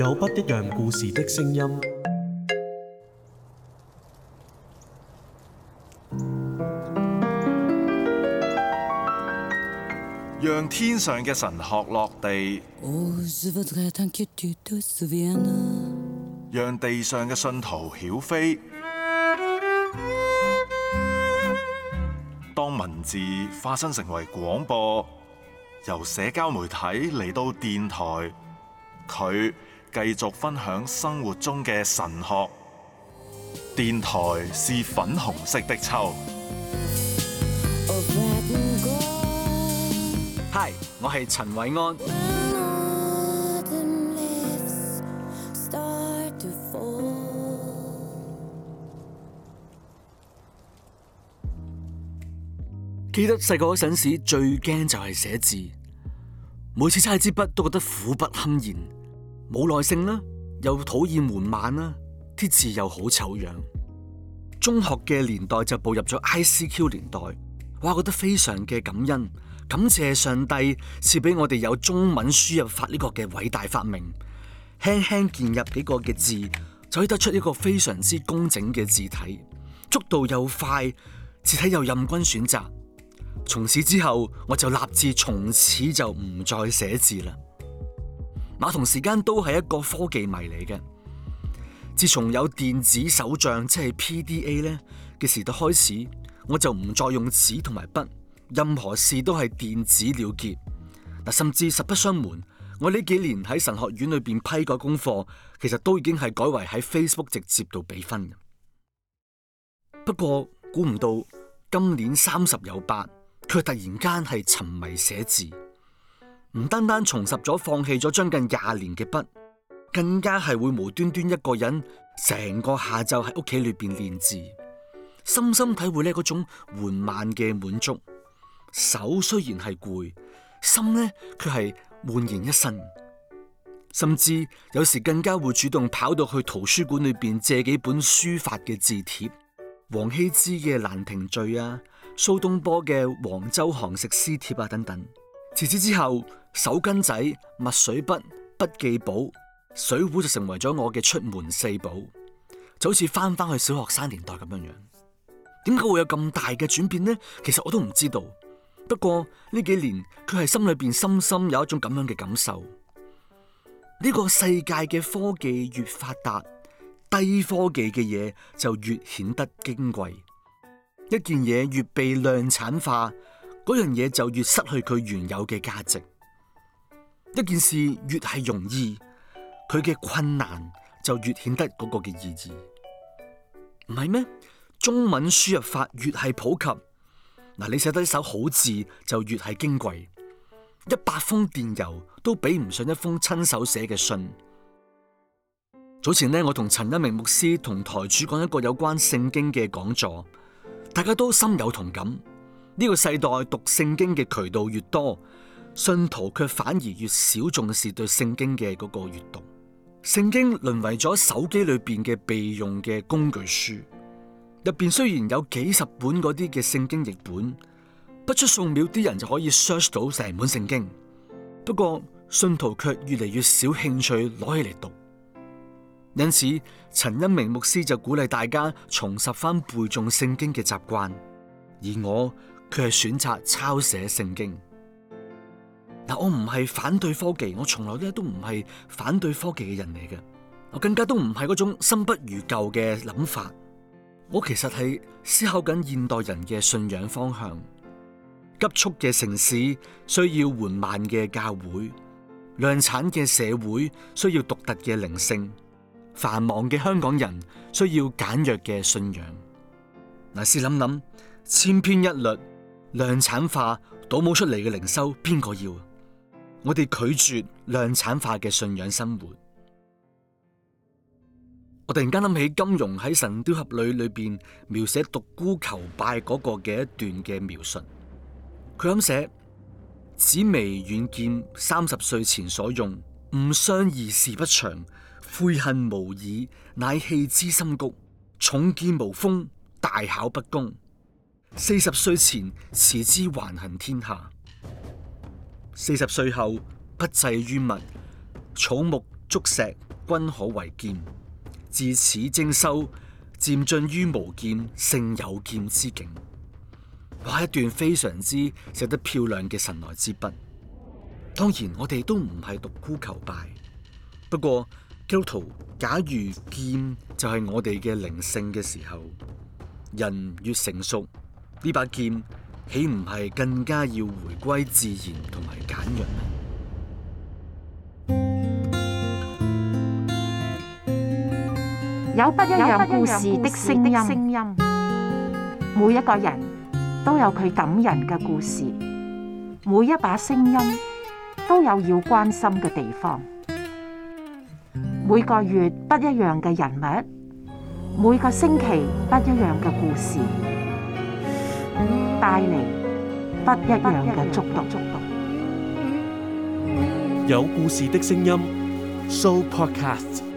有不一樣故事的聲音，讓天上嘅神學落地，讓地上嘅信徒曉飛。當文字化身成為廣播，由社交媒體嚟到電台，佢。繼續分享生活中嘅神學電台，是粉紅色的秋。Hi，我係陳偉安。記得細個嗰陣時的，最驚就係寫字，每次揸支筆都覺得苦不堪言。冇耐性啦，又討厭緩慢啦，啲字又好醜樣。中學嘅年代就步入咗 ICQ 年代，哇！覺得非常嘅感恩，感謝上帝賜俾我哋有中文輸入法呢個嘅偉大發明，輕輕鍵入幾個嘅字就可以得出一個非常之工整嘅字體，速度又快，字體又任君選擇。從此之後，我就立志從此就唔再寫字啦。馬同時間都係一個科技迷嚟嘅，自從有電子手賬，即係 PDA 咧嘅時代開始，我就唔再用紙同埋筆，任何事都係電子了結。嗱，甚至實不相瞞，我呢幾年喺神學院裏邊批改功課，其實都已經係改為喺 Facebook 直接度俾分的。不過估唔到今年三十有八，卻突然間係沉迷寫字。唔單單重拾咗放棄咗將近廿年嘅筆，更加係會無端端一個人成個下晝喺屋企裏邊練字，深深體會呢嗰種緩慢嘅滿足。手雖然係攰，心呢，卻係煥然一新。甚至有時更加會主動跑到去圖書館裏邊借幾本書法嘅字帖，王羲之嘅蘭亭序啊，蘇東坡嘅黃州寒食詩帖啊等等。自此之後，手巾仔、墨水筆、筆記簿、水壺就成為咗我嘅出門四寶，就好似翻翻去小學生年代咁樣樣。點解會有咁大嘅轉變呢？其實我都唔知道。不過呢幾年，佢係心裏邊深深有一種咁樣嘅感受：呢個世界嘅科技越發達，低科技嘅嘢就越顯得矜貴。一件嘢越被量產化，嗰樣嘢就越失去佢原有嘅價值。一件事越係容易，佢嘅困難就越顯得嗰個嘅意義，唔係咩？中文輸入法越係普及，嗱你寫得一手好字就越係矜貴，一百封電郵都比唔上一封親手寫嘅信。早前呢，我同陳一鳴牧師同台主講一個有關聖經嘅講座，大家都深有同感。呢、這個世代讀聖經嘅渠道越多。信徒卻反而越少重視對聖經嘅嗰個閱讀，聖經淪為咗手機裏邊嘅備用嘅工具書，入邊雖然有幾十本嗰啲嘅聖經譯本，不出數秒啲人就可以 search 到成本聖經。不過信徒卻越嚟越少興趣攞起嚟讀，因此陳恩明牧師就鼓勵大家重拾翻背誦聖經嘅習慣，而我卻係選擇抄寫聖經。但我唔係反對科技，我從來咧都唔係反對科技嘅人嚟嘅。我更加都唔係嗰種新不如舊嘅諗法。我其實係思考緊現代人嘅信仰方向。急速嘅城市需要緩慢嘅教會，量產嘅社會需要獨特嘅靈性，繁忙嘅香港人需要簡約嘅信仰。嗱，試諗諗，千篇一律、量產化、倒冇出嚟嘅靈修，邊個要？我哋拒絕量產化嘅信仰生活。我突然間諗起金庸喺《神雕俠侶》裏邊描寫獨孤求敗嗰個嘅一段嘅描述。佢噉寫紫微軟劍三十歲前所用，誤傷而事不長，悔恨無已，乃棄之深谷；重劍無鋒，大巧不工。四十歲前持之橫行天下。四十歲後不滯於物，草木、竹石均可為劍。自此精修，漸進於無劍勝有劍之境。畫一段非常之寫得漂亮嘅神來之筆。當然，我哋都唔係獨孤求敗。不過，基督徒假如劍就係我哋嘅靈性嘅時候，人越成熟，呢把劍。豈唔係更加要回歸自然同埋簡約？有不一樣故事的聲音，每一個人都有佢感人嘅故事，每一把聲音都有要關心嘅地方。每個月不一樣嘅人物，每個星期不一樣嘅故事。帶你不一樣嘅觸動，有故事的聲音，Show Podcast。